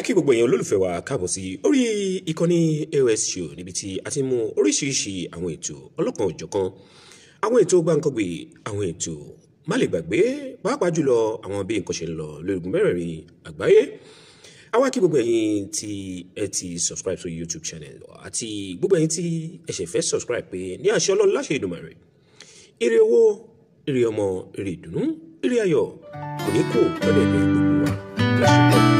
akí gbogbo èèyàn olólùfẹ́ wa káàbọ̀ sí orí ìkànnì AOS níbi tí a ti mú oríṣiríṣi àwọn ètò ọlọ́kan òjọ̀kan àwọn ètò gbàǹkangbè àwọn ètò má lè gbàgbé pàápàá jùlọ àwọn bí nǹkan ṣe ń lọ lóògùn mẹ́rẹ̀ẹ̀rin àgbáyé àwa kí gbogbo ẹ̀yin tí ẹ ti subscribe to YouTube channel àti gbogbo ẹ̀yin tí ẹ ṣẹ̀ subscribe pé ní àṣẹ ọlọ́run láṣẹ Èdùmàrè ire owó ire ọmọ ire ìdùnnú ire ayọ̀ kò ní kú lọ́dọ̀ gbogbo wa láṣẹ ọlọ́run.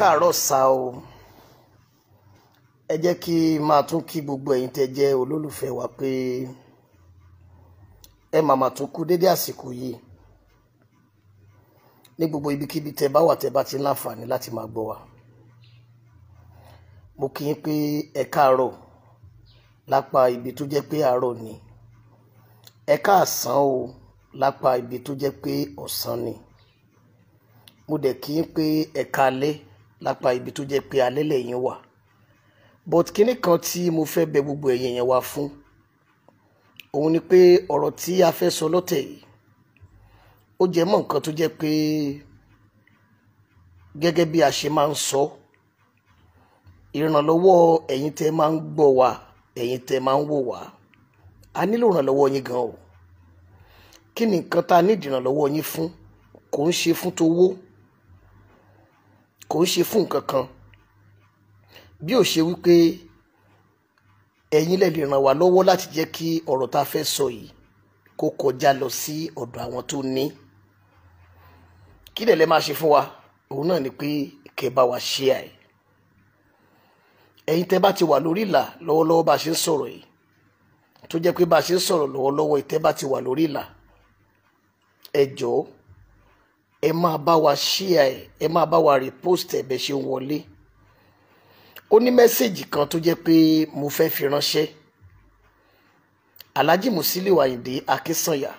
káàárọ̀ sá o ẹ jẹ́ kí máa tún kí gbogbo ẹ̀yin tẹ́ jẹ́ olólùfẹ́ wa pé ẹ máa máa tún kú dédé àsìkò yìí ní gbogbo ibikíbi tẹ́ bá wà tẹ́ bá ti ń láǹfààní láti máa gbọ́ wa mo kí yín pé ẹ káàárọ̀ lápá ibi tó jẹ́ pé àárọ̀ ni ẹ káàsán o lápá ibi tó jẹ́ pé ọ̀sán ni mo dẹ̀ kí yín pé ẹ káalẹ́ lápá ibi tó jẹ́ pé alẹ́lẹ̀ yẹn wà but kínní kan tí mo fẹ́ bẹ gbogbo ẹ̀yìn yẹn wá fún òun ni pé ọ̀rọ̀ tí a fẹ́ sọ lọ́tẹ̀ yìí ó jẹ́ mọ́ nǹkan tó jẹ́ pé gẹ́gẹ́ bí a ṣe máa ń sọ ìrànlọ́wọ́ ẹ̀yin tẹ́ máa ń gbọ́ wa ẹ̀yin tẹ́ máa ń wò wá a nílò ìrànlọ́wọ́ yín gan o kí ni nǹkan tá a ní ìdìrànlọ́wọ́ yín fún kò ń ṣe fún tówó kò ń ṣe fún nǹkan kan bí ó ṣe wípé ẹ̀yin lè lè ràn wá lọ́wọ́ láti jẹ́ kí ọ̀rọ̀ tá a fẹ́ sọ yìí kó kọjá lọ sí ọ̀dọ̀ àwọn tó ní kí lè lè máa ṣe fún wa òun náà ni pé kẹ́ bá wa ṣe àì ẹ̀yin tẹ́ bá ti wà lórí ìlà lọ́wọ́lọ́wọ́ bá a ṣe ń sọ̀rọ̀ yìí tó jẹ́ pé bá a ṣe ń sọ̀rọ̀ lọ́wọ́lọ́wọ́ ìtẹ́ bá ti wà lórí ìlà ẹ jọ̀ọ́ ẹ máa bá wa ṣíà ẹ ẹ máa bá wa rìpóòsì ẹ bẹ ṣe ń wọlé ó ní mẹ́sẹ̀gì kan tó jẹ́ pé mo fẹ́ fi ránṣẹ́ alhaji musiliu ayinde akínsànyà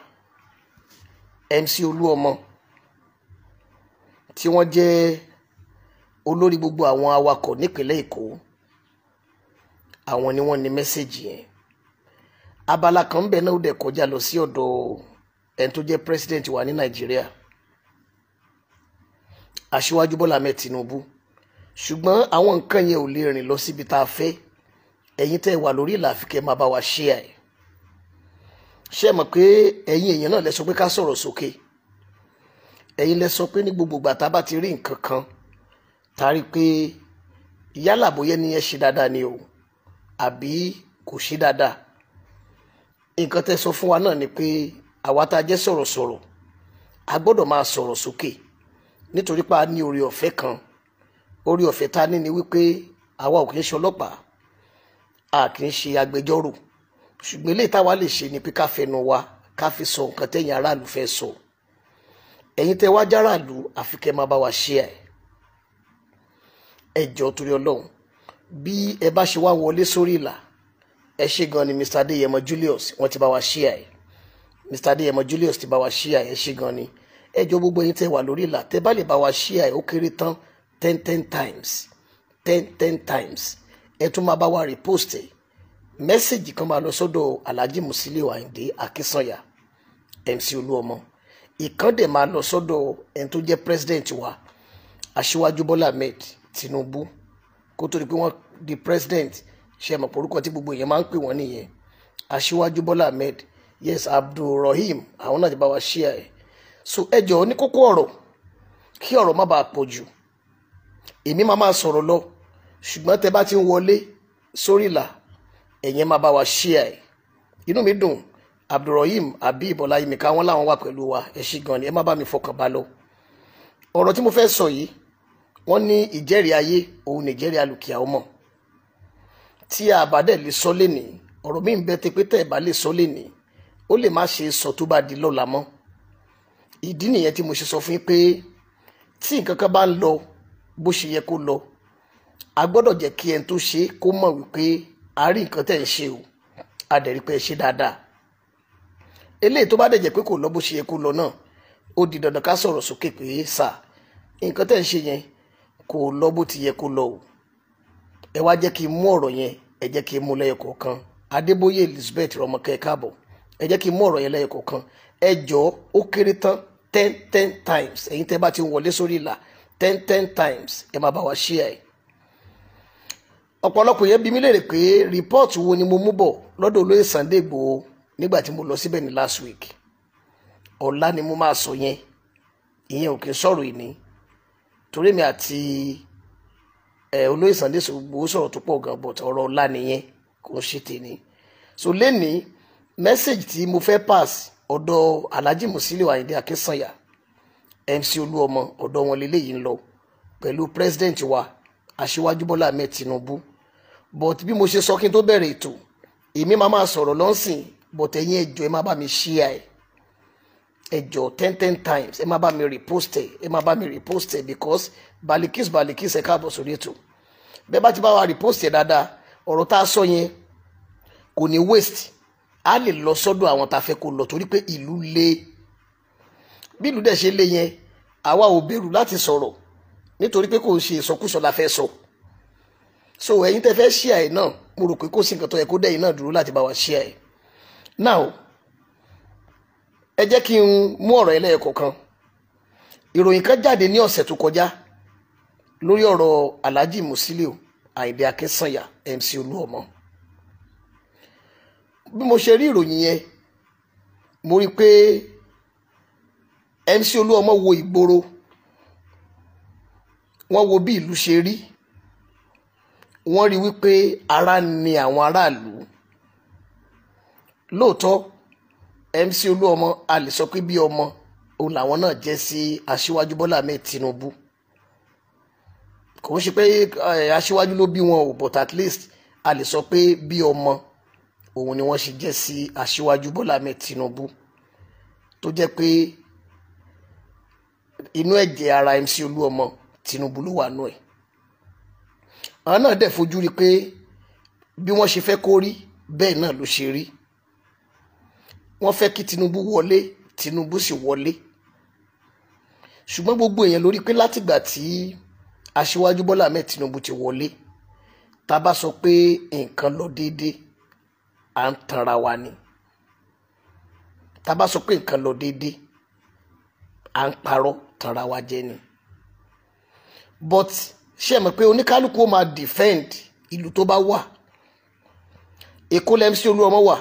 mc olúọmọ tí wọ́n jẹ́ olórí gbogbo àwọn awakọ̀ nípínlẹ̀ èkó àwọn ni wọ́n ní mẹ́sẹ̀gì yẹn abala kan ń bẹ náà ó dẹ̀ kọjá lọ sí ọ̀dọ̀ ẹni tó jẹ́ president wa ní nàìjíríà aṣíwájú bọ́lá ahmed tinubu ṣùgbọ́n àwọn nǹkan yẹn ò lè rìn lọ síbi tá a fẹ́ ẹ̀yin tẹ́ ẹ wà lórí ìlàfikẹ́ máa bá wa ṣe ẹ̀ ṣe mọ̀ pé ẹ̀yin èèyàn náà lẹ sọ pé ká sọ̀rọ̀ sókè ẹ̀yin lẹ sọ pé ní gbogbo ìgbà tá a bá ti rí nǹkan kan tá a rí pé yálà bóyá ni ẹ ṣe dáadáa ni o àbí kò ṣe dáadáa nǹkan tẹ́ sọ fún wa náà ni pé àwa tá a jẹ́ sọ̀rọ̀sọ̀rọ̀ a gbọ́dọ̀ máa sọ̀rọ̀ sókè. So nítorí pé ní orí ọ̀fẹ́ kan orí ọ̀fẹ́ tá ní ni wípé àwa ò kì í ṣe ọlọ́pàá a kì í ṣe agbẹjọ́rò ṣùgbọ́n eléyìí táwa lè ṣe ni pé ká fẹnu wa ká fi sọ nǹkan tẹ̀yìn aráàlú fẹ́ sọ ẹ̀yin tẹ wá járàlú àfi kẹ́ máa bá wa ṣe ẹ̀ ẹjọ́ torí ọlọ́run bí ẹ bá ṣe wá wọlé sórí ìlà ẹ ṣe gan ni Mr Adéyẹmọ Julius wọ́n ti bá wa ṣe ẹ̀ Mr Adéyẹmọ Julius ti bá wa ṣe ẹ̀ ẹ ṣe gan ni ẹ jọ̀ọ́ gbogbo yín tẹ wà lórí ìlà tẹ bá lè bá wa share ẹ ó kéré tán ten ten times ten ten times ẹ tún máa bá wa repost ẹ mẹ́sẹ̀gì kan máa lọ sọ́dọ̀ alhaji musiliu ayinde akínsànyà mc olúọmọ ìkàndẹ̀ máa lọ sọ́dọ̀ ẹni tó jẹ́ president wa aṣíwájú bọ́lá ahmed tinubu kó tó di pé wọ́n di president ṣe mọ̀ orúkọ tí gbogbo èèyàn máa ń pè wọ́n nìyẹn aṣíwájú bọ́lá ahmed yes abdulrahim àwọn náà ti bá wa ṣíà ẹ̀ so ẹ jọ̀ọ́ ní kókó ọ̀rọ̀ kí ọ̀rọ̀ má bàa pọ̀ jù èmi máa máa sọ̀rọ̀ lọ ṣùgbọ́n tẹ bá ti ń wọlé sórí ìlà ẹ̀yẹn máa bá wa ṣíà ẹ̀ inú mi dùn abdulrahim abib ọláyímíkà wọn làwọn wà pẹ̀lú wa ẹ ṣí gan ni ẹ má bá mi fọkàn bá lọ ọ̀rọ̀ tí mo fẹ́ sọ yìí wọ́n ní ìjẹ́rìí ayé òun nìjẹ́rìí alùkìá ọmọ tí a bá dẹ̀ lè sọ lénìí ọ̀rọ̀ mi ń bẹ tẹpẹ́tẹ̀ bá lè sọ lénìí ó lè má ṣe sọ tó bá di lọ́la mọ́ ìdí nìyẹn tí mo ṣe sọ fún yín pé tí nǹkan kan bá ń lọ bó ṣe yẹ kó lọ a gbọ́dọ̀ jẹ́ kí ẹni tó ṣe kó mọ̀ wípé a rí nǹkan tẹ̀ ń ṣe o a dẹ̀ rí pé ẹ ṣe dáadáa eléyìí tó bá dẹ̀ jẹ́ pé kò lọ bó ṣe yẹ kó lọ náà ó di dandan ká sọ̀rọ̀ sókè pé sà nǹkan tẹ̀ ń ṣe yẹn kò lọ bó ti yẹ kó lọ o ẹ wá jẹ́ kí n mú ọ̀rọ̀ yẹn ẹ jẹ́ kí n mú lẹ́yọ kọ̀ọ̀kan Adébóyè Elizabeth Rọ́mọkẹ́ káàbọ̀ ẹ jẹ́ kí n mú ọ̀rọ̀ yẹn lẹ́yọ kọ̀ọ̀kan ẹ jọ̀ọ́ ó kéré tán ten ten times ẹ̀yin tẹ́ bá ti wọlé sórí ìlà ten ten times ẹ máa bá wa share ẹ̀. ọ̀pọ̀lọpọ̀ yẹn bí mi léèrè pé rìpọ́ọ̀tù wo ni mo mú bọ̀ lọ́dọ̀ olóyè Sunday Igboho nígbà tí mo lọ síbẹ̀ ní last week ọ̀la ni mo máa sọ yẹn ìyẹn ò kí n sọ̀rọ̀ ìní torí mi àti olóyè Sunday Igboho sọ̀rọ̀ tó pọ̀ gan but ọ̀rọ̀ ọ̀la nìyẹn kò ń ṣe tèmi so lẹ́nìí mẹ́sẹ̀gì tí mo fẹ́ pass ọ̀dọ̀ alhaji musiliu ayinde akínsànyà mc olúọmọ ọ̀dọ̀ wọn lélẹ́yìí ń lọ pẹ̀lú president wa aṣíwájú bọ́lá ahmed tinubu but bí mo ṣe sọ kí n tó bẹ̀rẹ̀ ètò èmi máa máa sọ̀rọ̀ lọ́sìn but ẹ̀yin ẹ̀jọ̀ ẹ má bá mi ṣíà ẹ̀ ẹ̀jọ̀ ten ten times ẹ má bá mi repost ẹ̀ ẹ má bá mi repost ẹ̀ because balikis balikis ẹ̀ káàbọ̀ sórí ètò bẹ́ẹ̀ bá ti bá wa repost ẹ̀ dáadáa ọ̀rọ̀ tá a sọ yẹn kò ní waste a lè lọ sọ́dọ̀ àwọn tá a fẹ́ kó lọ torí pé ìlú le bí ìlú dẹ̀ ṣe le yẹn àwa ò bẹ̀rù láti sọ̀rọ̀ nítorí pé kò ṣe ìsọkúsọ la fẹ́ sọ so ẹ̀yin tẹ́ fẹ́ ṣíà ẹ̀ náà mo rò pé kò sí nǹkan tó yẹ kó dẹ̀yìn náà dúró láti bá wa ṣíà ẹ̀ now ẹ jẹ́ kí n mú ọ̀rọ̀ ẹlẹ́ẹ̀kọ̀kan ìròyìn kan jáde ní ọ̀sẹ̀ tó kọjá lórí ọ̀rọ̀ Alhaji Musiliu Àyìndé Akínsànyà MC Olúọmọ bí mo ṣe rí ìròyìn yẹn mo rí i pé MC Olúọmọ wo ìgboro wọ́n wo bí ìlú ṣe rí wọ́n rí wípé ara ni àwọn aráàlú lóòótọ́ MC Olúọmọ a lè sọ pé bí ọmọ òun làwọn náà jẹ́ sí aṣíwájú Bọ́lá Ahmed Tinubu kò ń ṣe pé eh, aṣíwájú ló bí wọn ò but at least a lè sọ pé bí ọmọ òun ni wọ́n ṣe jẹ́ sí aṣíwájú Bọ́lá Ahmed Tinubu tó jẹ́ pé inú ẹ̀jẹ̀ ara MC Olúọmọ Tinubu ló wà nù ẹ̀ àwọn náà dẹ̀ fojú rí pé bí wọ́n ṣe fẹ́ kó rí bẹ́ẹ̀ náà ló ṣe rí wọ́n fẹ́ kí Tinubu wọlé Tinubu sì wọlé ṣùgbọ́n gbogbo èèyàn lórí pé látìgbà tí aṣíwájú Bọ́lá Ahmed Tinubu ti wọlé tá a bá sọ pé nǹkan lọ déédéé à ń tanra wa ni tá a bá sọ pé nǹkan lọ déédéé à ń parọ́ tanra wa jẹ ni but ṣe mọ̀ pé oníkálukú ó máa defend ìlú tó bá wà èkó lẹ MC Olúọmọ wà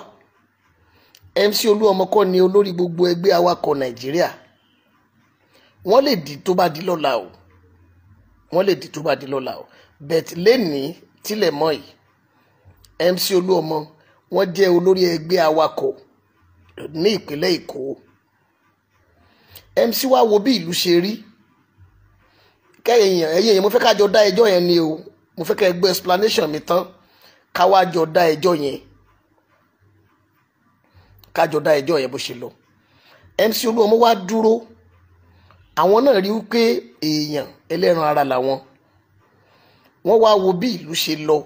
MC Olúọmọ kọ́ ni olórí gbogbo ẹgbẹ́ awakọ̀ Nàìjíríà wọ́n lè di tó bá di lọ́la o wọ́n lè di tó bá di lọ́la o bẹ̀t lẹ́nìí tílẹ̀ mọ́ yìí MC Olúọmọ wọ́n jẹ́ olórí ẹgbẹ́ awakọ̀ ní ìpínlẹ̀ Èkó MC wa wo bí ìlú ṣe rí kẹ́yìn ẹ̀yìn mo fẹ́ ká dá ẹjọ́ yẹn ni o mo fẹ́ ká ẹ gbọ́ explanation mi tán ká wá jọ dá ẹjọ́ yẹn ká jọ dá ẹjọ́ yẹn bó ṣe lọ MC Olúọmọ wá dúró àwọn náà rí wípé èèyàn ẹlẹ́ran ara làwọn wọ́n wá wo bí ìlú ṣe lọ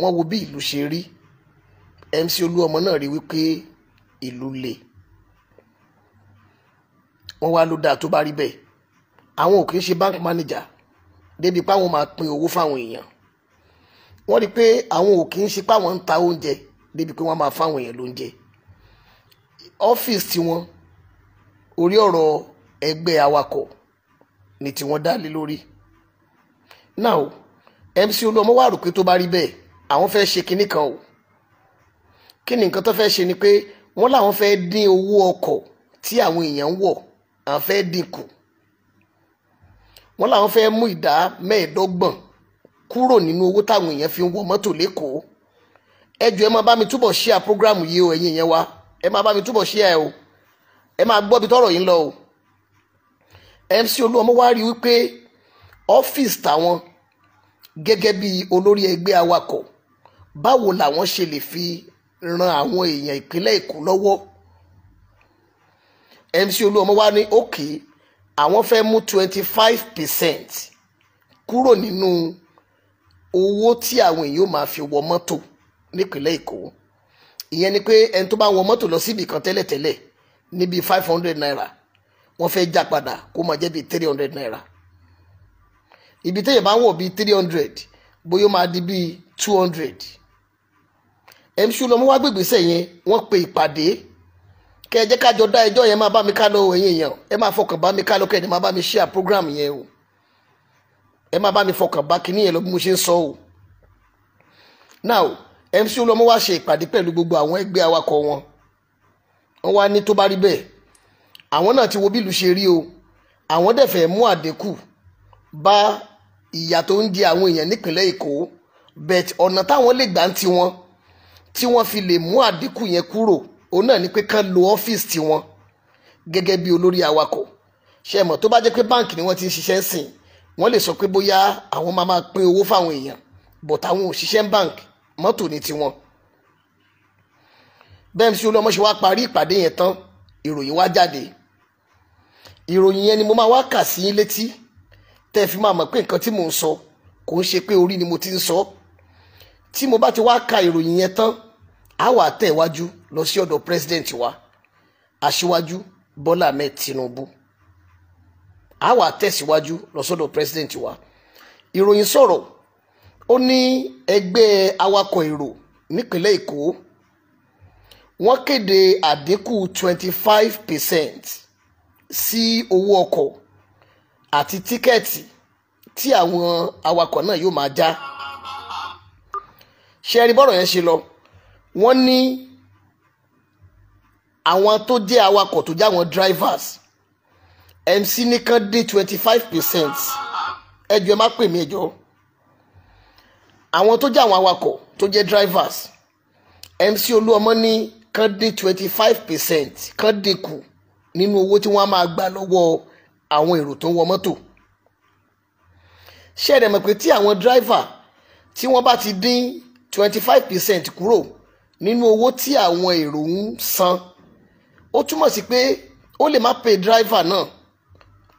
wọ́n wo bí ìlú ṣe rí MC Olúọmọ náà rí wípé ìlú le wọ́n wá ló dáa tó bá rí bẹ́ẹ̀ àwọn ò kì í ṣe bank manager débi pé àwọn máa pín owó fáwọn èèyàn wọ́n rí pé àwọn ò kì í ṣe pé àwọn ń ta oúnjẹ débi pé wọ́n máa fáwọn èèyàn lóúnjẹ ọ́fíìsì tiwọn orí ọ̀rọ̀ ẹgbẹ́ awakọ̀ ni tiwọn dá lé lórí now MC Olúọmọ wá rò pé tó bá rí bẹ́ẹ̀ àwọn fẹ́ ṣe kinní kan o kí ni nǹkan tó fẹ́ ṣe ni pé wọ́n láwọn fẹ́ dín owó ọkọ̀ tí àwọn èèyàn ń wọ̀ àwọn fẹ́ dín kù wọ́n láwọn fẹ́ mú ìdá mẹ́ẹ̀ẹ́dọ́gbọ̀n kúrò nínú owó táwọn èèyàn fi ń wọ mọ́tò lẹ́kọ̀ọ́ ẹ jọ̀ọ́ ẹ máa bá mi túbọ̀ ṣíà prógráàmù yìí o ẹ̀yin yẹn wa ẹ máa bá mi túbọ̀ ṣíà ẹ o ẹ máa gbọ́ bí tọ́rọ̀ yìí lọ o MC Olúọmọ wá rí wípé ọ́fíìsì táwọn gẹ́gẹ́ bí olórí ẹgbẹ́ awakọ̀ báwo làwọn ṣe lè fi ran àwọn èèyàn ìpínlẹ̀ èkó lọ́wọ́ MC Olúọmọ wá ní òkè àwọn fẹ́ mú twenty five percent kúrò nínú owó tí àwọn èèyàn máa fi wọ mọ́tò nípínlẹ̀ èkó ìyẹn ni pé ẹni tó bá wọ mọ́tò lọ síbi kan tẹ́lẹ̀tẹ́lẹ̀ níbi five hundred naira wọ́n fẹ́ já padà kó máa jẹ́ bíi three hundred naira ibi téèyàn bá ń wọ̀ bíi three hundred bóyá ó máa di bíi two hundred MC Olúọmọ wá gbègbèsẹ̀ yẹn wọ́n pe ìpàdé kẹ ẹ jẹ́ ká jọ dá ẹjọ́ yẹn máa bá mi ká lọ ẹ̀yin èèyàn ẹ máa fọkàn bá mi ká lọ kẹ́ ẹ máa bá mi share program yẹn o ẹ máa bá mi fọkàn bá kíní yẹn lọ bí mo ṣe ń sọ o now MC Olúọmọ wá ṣe ìpàdé pẹ̀lú gbogbo àwọn ẹgbẹ́ awakọ̀ wọn wọ́n wá ní tó bá rí bẹ́ẹ̀ àwọn náà ti wo bí ìlú ṣe rí o àwọn dẹ̀ fẹ́ mú àdínkù bá ìyà tó ń di àwọn èèyàn nípìnlẹ̀ Èkó but ọ̀nà táwọn lè gbà ń ti wọn tí wọ́n fi lè mú àdínkù yẹn kúrò òun náà ni pé kán lo ọ́fíìsì tiwọn gẹ́gẹ́ bí olórí awakọ̀ ṣe mọ̀ tó bá jẹ́ pé báǹkì ni wọ́n ti ń ṣiṣẹ́ sìn wọ́n lè sọ pé bóyá àwọn máa máa pín owó fáwọn èèyàn bọ̀t àwọn òṣìṣẹ́ báǹkì mọ́tò ní tiwọn bẹ́ẹ̀ sí olúọmọ ṣe parí ìpàdé yẹn tán ìròyìn wá jáde ìròyìn yẹn ni mo máa wá kà sí létí tẹ́ ẹ fi máa mọ̀ pé nǹkan tí mò ń sọ kò ń ṣe pé orí ni mo ti ń sọ so tí mo bá ti wá ka ìròyìn yẹn tán a wà tẹ̀ iwájú lọ sí ọ̀dọ̀ president wa aṣíwájú Bọ́lá Ahmed Tinubu a wà tẹ̀síwájú lọ sọ́dọ̀ president wa ìròyìn sọ̀rọ̀ ó ní ẹgbẹ́ awakọ̀ èrò nípínlẹ̀ Èkó wọ́n kéde àdínkù twenty five percent sí owó ọkọ̀ àti tíkẹ́ẹ̀tì tí àwọn awakọ̀ náà yóò máa já. Ja ṣe rí bọ́rọ̀ yẹn ṣe lọ wọ́n ní àwọn tó jẹ́ awakọ̀ tó jẹ́ àwọn drivers MC nìkan dín twenty five percent ẹjọ́ ẹ má pè mí ẹjọ́ àwọn tó jẹ́ àwọn awakọ̀ tó jẹ́ drivers MC Olúọmọ ní kán dín twenty five percent kán dínkù nínú owó tí wọ́n á máa gbà lọ́wọ́ àwọn èrò tó ń wọ mọ́tò ṣé ẹ̀rẹ̀ mọ̀ pé tí àwọn driver tí wọ́n bá ti dín 25% five percent kúrò nínú owó tí àwọn èrò ń san ó túmọ̀ sí pé ó lè má pay driver náà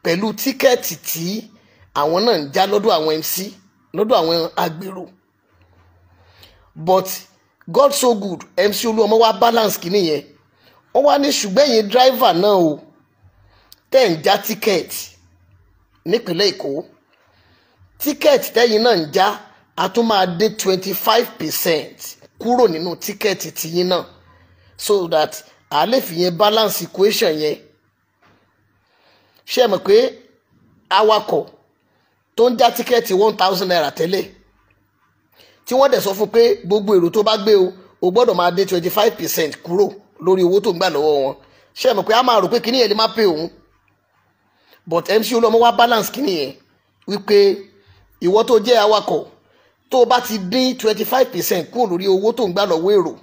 pẹ̀lú tíkẹ́ẹ̀tì tí àwọn náà ń já lọ́dọ̀ àwọn MC lọ́dọ̀ àwọn agbèrò but God so good MC Olúọmọ wá balance kìíní yẹn ó wá ní ṣùgbọ́n ẹ̀yin driver náà o tẹ̀ ń já tíkẹ́ẹ̀tì nípínlẹ̀ Èkó tíkẹ́ẹ̀tì tẹ́yin náà ń já a tún máa dé twenty five percent kúrò nínú tíkẹ́ẹ̀tì tiyín náà so that a lè fi yẹn balance equation yẹn ṣé ẹ mọ̀ pé awakọ̀ tó ń já tíkẹ́ẹ̀tì one thousand naira tẹ́lẹ̀ tí wọ́n dẹ̀ sọ fún pé gbogbo èrò tó bá gbé o o gbọ́dọ̀ máa dé twenty five percent kúrò lórí owó tó ń gbà lọ́wọ́ wọn ṣé ẹ mọ̀ pé a máa rò pé kíní yẹn lè má pè òun but MC Olúọmọ wá balance kíní yẹn wípé ìwọ tó jẹ́ awakọ̀ tó o bá ti dín twenty five percent kúrò lórí owó tó ń gbà lọ́wọ́ èrò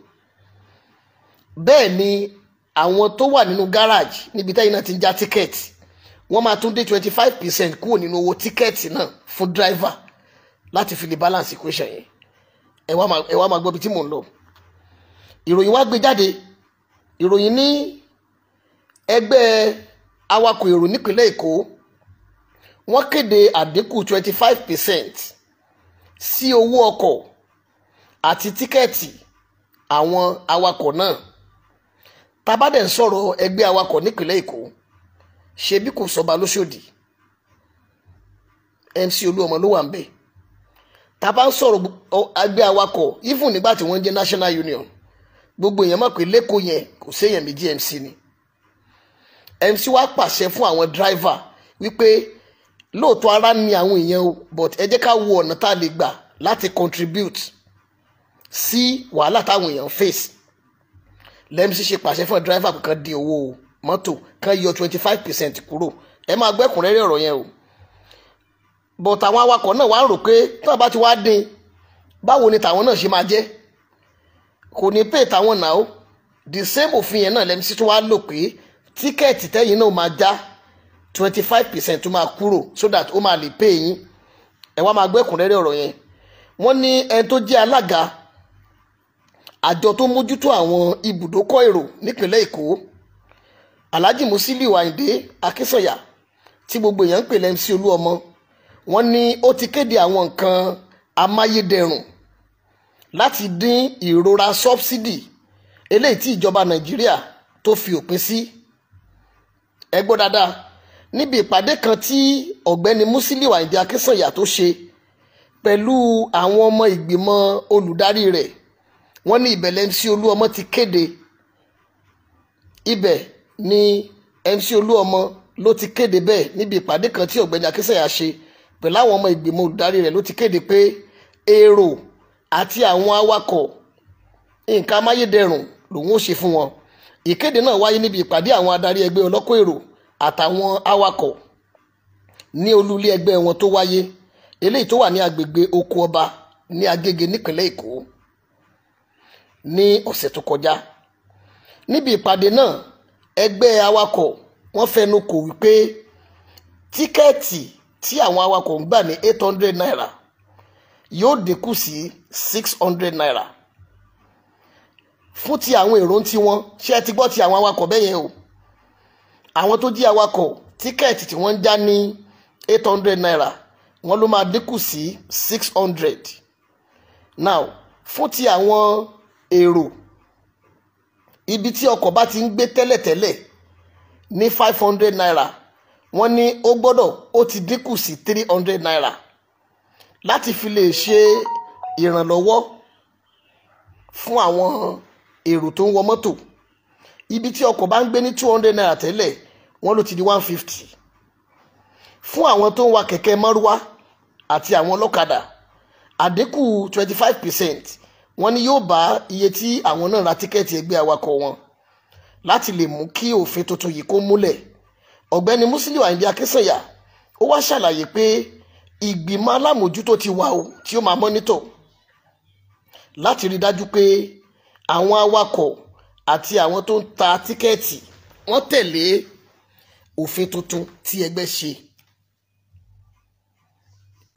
bẹ́ẹ̀ ni àwọn tó wà nínú garage níbi táyì náà ti ń já tíkẹ́ẹ̀tì wọ́n máa tún dín twenty five percent kúrò nínú owó tíkẹ́ẹ̀tì náà fún driver láti fi lè balance equation yẹn ẹ wá máa ẹ wá máa gbọ́ bí tí mò ń lọ ìròyìn wá gbé jáde ìròyìn ní ẹgbẹ́ awakọ̀ èrò nípínlẹ̀ Èkó wọ́n kéde àdínkù twenty five percent sí owó ọkọ̀ àti tíkẹ́ẹ̀tì àwọn awakọ̀ náà tabadẹ̀ ń sọ̀rọ̀ ẹgbẹ́ awakọ̀ nípínlẹ̀ Èkó ṣebí kò sọba lóṣòdì MC Olúọmọ ló wà ń bẹ̀ tàbá ń sọ̀rọ̀ ẹgbẹ́ awakọ̀ even nígbà tí wọ́n jẹ́ National Union gbogbo èèyàn mọ̀ pé lẹ́kọ̀ọ́ yẹn kò séèyàn méjì MC ni MC wá pàṣẹ fún àwọn driver wípé lóòótọ́ ara ni àwọn èèyàn o but ẹ jẹ́ ká wo ọ̀nà tá a lè gbà láti contribute sí wàhálà táwọn èèyàn face lẹ́mísì ṣe pàṣẹ fún driver kan di owó mọ́tò kan yọ twenty five percent kúrò ẹ máa gbẹ́kùnrẹ́rẹ́ ọ̀rọ̀ yẹn o but àwọn awakọ̀ náà wá rò pé tí wọ́n bá ti wá dín báwo ni tàwọn náà ṣe máa jẹ́ kò ní pay tàwọn náà o the same òfin yẹn náà lẹ́mísì tó wá lò pé tíkẹ́ẹ̀tì tẹ́yìn náà máa já twenty five percent tó máa kúrò so that ó máa lè pè yín ẹ wá máa gbọ́ ẹ̀kúnrẹ́rẹ́ ọ̀rọ̀ yẹn wọ́n ní ẹni tó jẹ́ alága àjọ tó mójútó àwọn ibùdókọ̀ èrò nípínlẹ̀ èkó alhaji musiliu ayinde akínsọ̀yà tí gbogbo èèyàn ń pè lẹ́mc olúọmọ wọ́n ní ó ti kéde àwọn nǹkan amáyédẹrùn láti dín ìrora sọ́bsidì eléyìí tí ìjọba nàìjíríà tó fi òpin sí ẹ dáadáa níbi ìpàdé kan tí ọ̀gbẹ́ni Musiliu Àyìndé Akínsànyà tó ṣe pẹ̀lú àwọn ọmọ ìgbìmọ̀ olùdarí rẹ̀ wọ́n ní ìbẹ̀lẹ̀ MC Olúọmọ ti kéde ibẹ̀ ni MC Olúọmọ ló ti kéde bẹ́ẹ̀ níbi ìpàdé kan tí ọ̀gbẹ́ni Akínsànyà ṣe pẹ̀lú àwọn ọmọ ìgbìmọ̀ olùdarí rẹ̀ ló ti kéde pé èrò àti àwọn awakọ̀ nǹkan amáyédẹrùn lòun ó ṣe fún wọn ìkéde náà wáyé níbi ìpàdé àwọn adarí ẹgbẹ́ ọlọ́kọ̀ èrò àtàwọn awakọ̀ ní olúlé ẹgbẹ́ wọn tó wáyé eléyìí tó wà ní agbègbè oko ọba ní agége nípínlẹ̀ èkó ní ọ̀sẹ̀ tó kọjá níbi ìpàdé náà ẹgbẹ́ awakọ̀ wọ́n fẹnu kò wípé tíkẹ́ẹ̀tì tí àwọn awakọ̀ ń gbà ní eight hundred naira yóò dínkù sí six hundred naira fún ti àwọn èrò ń tiwọn ṣé ẹ ti gbọ́ ti àwọn awakọ̀ bẹ́yẹn o àwọn tó jí awakọ̀ tíkẹ́ẹ̀tì tí wọ́n já ní eight hundred naira wọ́n ló máa dínkù sí six hundred now fún ti àwọn èrò ibi tí ọkọ̀ bá ti ń gbé tẹ́lẹ̀tẹ́lẹ̀ ní five hundred naira wọ́n ní ó gbọ́dọ̀ ó ti dínkù sí three hundred naira láti fi lè ṣe ìrànlọ́wọ́ fún àwọn èrò tó ń wọ mọ́tò ibi tí ọkọ̀ bá ń gbé ní two hundred naira tẹ́lẹ̀ wọ́n ló ti di one fifty fún àwọn tó ń wa kẹ̀kẹ́ mọ́rúwá àti àwọn ọlọ́kadà àdínkù twenty five percent wọ́n ní yóò bá iye tí àwọn náà ra tíkẹ́ẹ̀tì ẹgbẹ́ awakọ̀ wọn láti lè mú kí òfin tuntun yìí kó múlẹ̀ ọ̀gbẹ́ni Musiliu Àyìndé Akínsànyà ó wá ṣàlàyé pé ìgbìmọ̀ alámòjútó ti wà ó tí ó máa mọ́nítọ̀ láti rí dájú pé àwọn awakọ̀ àti àwọn tó ń ta tíkẹ́ẹ̀tì wọ́n tẹ̀lé òfin tuntun tí ẹgbẹ́ ṣe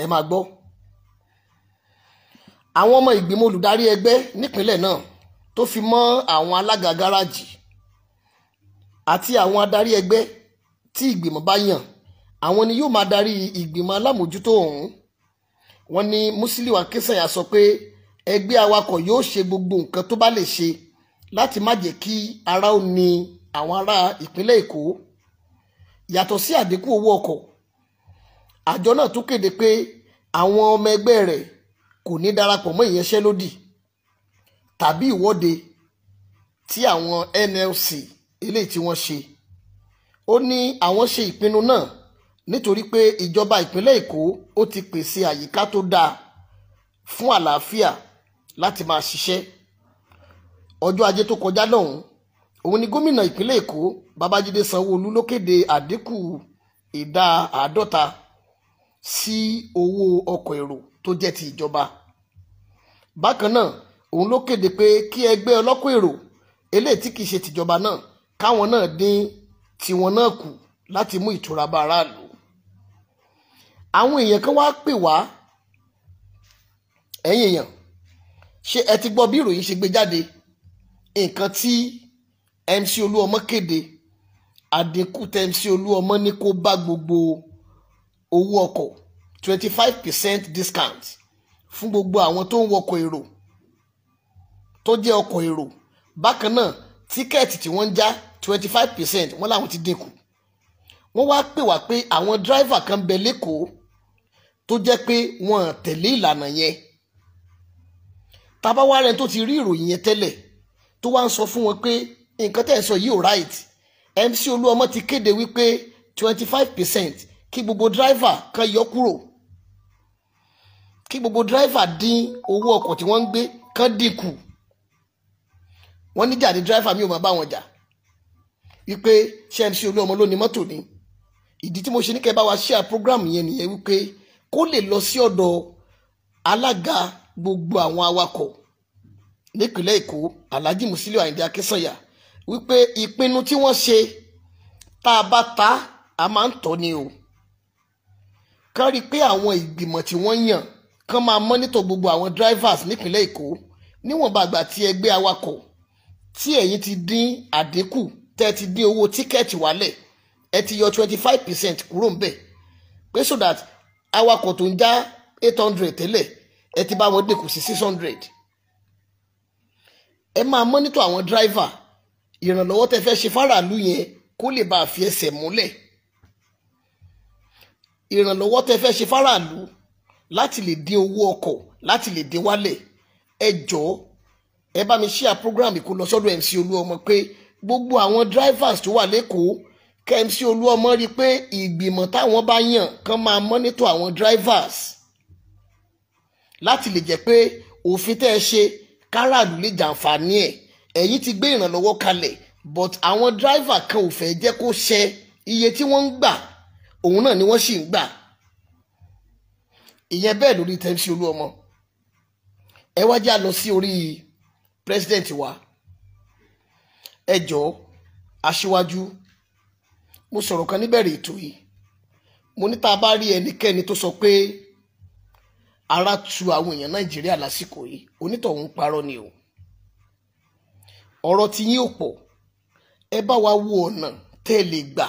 ẹ máa gbọ́ àwọn ọmọ ìgbìmọ̀ olùdarí ẹgbẹ́ nípínlẹ̀ náà tó fi mọ́ àwọn alága gáràjì àti àwọn adarí ẹgbẹ́ tí ìgbìmọ̀ bá yàn àwọn ni yóò máa darí ìgbìmọ̀ alámòjútó ọ̀hún wọ́n ní Musiliu Akínsànyà sọ pé ẹgbẹ́ awakọ̀ yóò ṣe gbogbo nǹkan tó bá lè ṣe láti má jẹ́ kí ara ó ni àwọn ará ìpínlẹ̀ Èkó yàtọ̀ sí àdínkù owó ọkọ̀ àjọ náà tún kéde pé àwọn ọmọ ẹgbẹ́ rẹ̀ kò ní darapọ̀ mọ́ ìyanṣẹ́lódì tàbí ìwọ́de tí àwọn NLC eléyìí tí wọ́n ṣe ó ní àwọn ṣe ìpinnu náà nítorí pé ìjọba ìpínlẹ̀ Èkó ó ti pèsè àyíká tó dáa fún àlàáfíà láti máa ṣiṣẹ́ ọjọ́ ajé tó kọjá lọ́hùn òun ni gómìnà ìpínlẹ̀ èkó babájídé sanwóolu ló kéde àdínkù ìdá àádọ́ta sí owó ọkọ̀ èrò tó jẹ́ ti ìjọba bákan náà òun ló kéde pé kí ẹgbẹ́ ọlọ́kọ̀ èrò eléyìí tí kìí ṣe tìjọba náà káwọn náà dín tiwọn náà kù láti mú ìtura bá aráàlú àwọn èèyàn kan wá pè wá ẹ̀yin èèyàn ṣé ẹ ti gbọ́ bí ìròyìn ṣe gbé jáde nǹkan tí MC Olúọmọ kéde àdínkù tẹ MC Olúọmọ ní kó bá gbogbo owó ọkọ̀ twenty five percent discount fún gbogbo àwọn tó ń wọkọ̀ èrò tó jẹ́ ọkọ̀ èrò bákan náà tíkẹ́ẹ̀tì tí wọ́n ń já twenty five percent wọ́n láwọn ti dínkù wọ́n wá pè wá pé àwọn dírìvà kan bẹ lẹ́kọ̀ọ́ tó jẹ́ pé wọ́n tẹ̀lé ìlànà yẹn tá tó ti rí ìròyìn yẹn tẹ́lẹ̀ tó wá ń sọ fún wọn pé nǹkan tẹ̀ ń sọ yìí ò right MC Olúọmọ ti kéde wípé twenty five percent kí gbogbo dráìvà kan yọ kúrò kí gbogbo dráìvà dín owó ọkọ̀ tí wọ́n ń gbé kan dínkù wọ́n níjà ní dráìvà mi ò máa bá wọn jà wípé ṣé MC Olúọmọ ló ní mọ́tò ni ìdí tí mo ṣe ní kẹ́ bá wa ṣe àpọ́gíráàmù yẹn nìyẹn wípé kó lè lọ sí ọ̀dọ̀ alága gbogbo àwọn awakọ̀ nípínlẹ̀ èkó alhaji musiliu ayinde akínsànyà wípé ìpinnu tí wọ́n ṣe tá a bá ta a máa ń tọ́ ni o kán pé àwọn ìgbìmọ̀ tí wọ́n yàn kán máa mọ́nítọ̀ gbogbo àwọn drivers nípínlẹ̀ èkó níwọ̀nba àgbà tí ẹgbẹ́ awakọ̀ tí ẹ̀yin ti dín àdínkù tẹ́ ti dín owó tíkẹ́ẹ̀tì wálẹ̀ ẹ ti yọ twenty five percent kúrò ń bẹ̀ pé so that awakọ̀ tó ń já eight hundred tẹ́lẹ̀ ẹ ti bá wọn dínkù sí six hundred ẹ máa mọ́nítọ̀ àwọn dráìvà ìrànlọ́wọ́ tẹ fẹ́ ṣe fáráàlú yẹn kó lè bá a fi ẹsẹ̀ múlẹ̀ ìrànlọ́wọ́ tẹ fẹ́ ṣe fáráàlú láti lè dín owó ọkọ̀ láti lè dín wálẹ̀ ẹ jọ̀ọ́ ẹ bá mi ṣíà program kó lọ sọ́dọ̀ MC Olúọmọ pé gbogbo àwọn drivers tó wà lẹ́kọ̀ọ́ kẹ́ MC Olúọmọ rí i pé ìgbìmọ̀ táwọn bá yàn kán máa mọ́nítọ̀ àwọn drivers láti lè jẹ́ pé òfin tẹ́ ẹ ṣe káràlú lè jàǹfààní ẹ̀ ẹ̀yìn ti gbé ìrànlọ́wọ́ kalẹ̀ but àwọn dráìvà kan ò fẹ́ jẹ́ kó ṣẹ iye tí wọ́n ń gbà òun náà ni wọ́n sì ń gbà ìyẹn bẹ́ẹ̀ lórí Tẹ́mísí Olúọmọ ẹ wá já lọ sí orí president wa ẹ jọ̀ọ́ aṣíwájú mo sọ̀rọ̀ kan níbẹ̀rẹ̀ ètò yìí mo ní tá bá rí ẹnikẹ́ni tó sọ pé. So ara tu àwọn èèyàn nàìjíríà lásìkò yìí onítọ̀hún parọ́ ni o ọ̀rọ̀ tí yín ò pọ̀ ẹ bá wa wo ọ̀nà tẹ́ ẹ lè gbà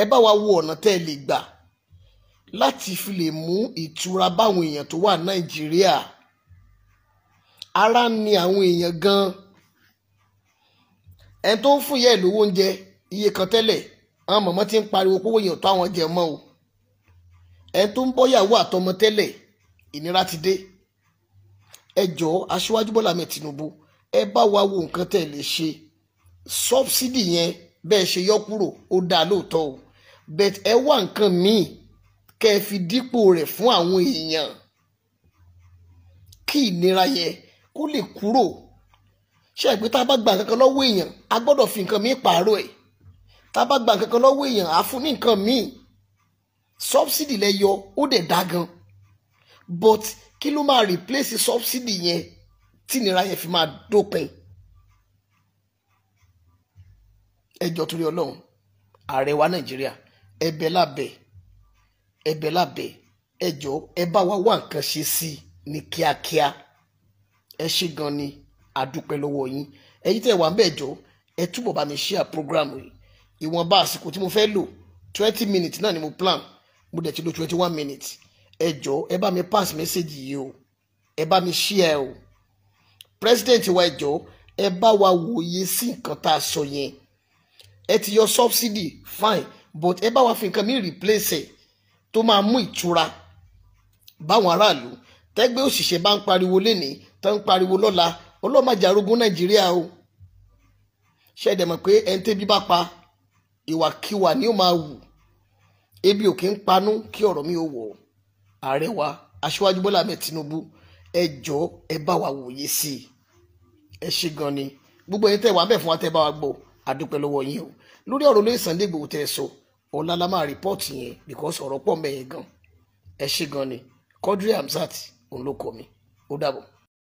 ẹ bá wa wo ọ̀nà tẹ́ ẹ lè gbà láti fi lè mú ìtura báwọn èèyàn tó wà nàìjíríà ara ni àwọn èèyàn gan ẹni tó ń fún ìyá lówó oúnjẹ iye kan tẹ́lẹ̀ àwọn mọ̀mọ́ ti ń pariwo pé owó yẹn tó àwọn jẹ mọ́ o ẹ tó ń bọ́yàwó àtọmọ tẹ́lẹ̀ ìnira ti dé ẹ jọ̀ọ́ aṣíwájú bọ́lá ahmed ẹ bá wa wo nǹkan tẹ́ ẹ lè ṣe sọ́bsidì yẹn bẹ́ẹ̀ ṣe yọ kúrò ó dáa lóòótọ́ o bẹ́ẹ̀ ẹ wá nǹkan míì kẹ́ ẹ fi dípò rẹ̀ fún àwọn èèyàn kí ìnira yẹ kó lè kúrò ṣe é tá a bá gba nǹkan lọ́wọ́ èèyàn a gbọ́dọ̀ fi nǹkan míì pààrọ̀ ẹ̀ tá a bá gba nǹkan lọ́wọ́ èèyàn a fún ní nǹkan míì subsidy lẹ yọ ó dẹ̀ dá gan but kí ló máa replace subsidy yẹn tí ìnira yẹn fi máa dópin ẹjọ́ torí Ọlọ́run ààrẹ wa Nàìjíríà ẹ̀bẹ̀ lábẹ́ ẹ̀bẹ̀ lábẹ́ ẹjọ́ ẹ wa wá nǹkan ṣe sí i ní kíákíá ẹ ṣe gan ni àdúpẹ́ lọ́wọ́ yín ẹ̀yin tẹ́ wà ń bẹ̀ jọ ẹ túbọ̀ bá mi share program yìí ìwọ̀nba àsìkò tí mo fẹ́ lò twenty minutes náà ni mo plan mo dẹ̀ ti lo twenty one minutes ẹ jọ ẹ bá mi pass message yìí o ẹ bá mi share o president wa ẹ jọ ẹ bá wa wòye sí nǹkan tá a sọ yẹn ẹ ti yọ subsidy fine but ẹ bá wa fi nǹkan mi replace ẹ tó máa mú ìtura báwọn aráàlú tẹ́gbẹ́ òṣìṣẹ́ bá ń pariwo lénìí tó ń pariwo lọ́la ọlọ́màjà arógún nàìjíríà o ṣẹ̀dẹ̀ mọ̀ pé ẹni tẹ́bí bá pa ìwàkiwà ni ó máa wù ebi ò kí ń panú kí ọ̀rọ̀ mi ò wọ̀ ààrẹ wa aṣíwájú bọ́lá ahmed tinubu ẹ jọ ẹ bá wa wòye sí i ẹ ṣe gan ni gbogbo ẹni tẹ́ wà fún wa tẹ́ bá wa gbọ́ àdúpẹ́ lọ́wọ́ yín o lórí ọ̀rọ̀ lóye Sunday Igboho tẹ́ ẹ sọ ọ̀la la máa rìpọ́ọ̀tì yẹn because ọ̀rọ̀ pọ̀ mẹ́yẹn gan ẹ ṣe gan ni Quadri Hamzat òun ló kọ mi ó dàbọ̀.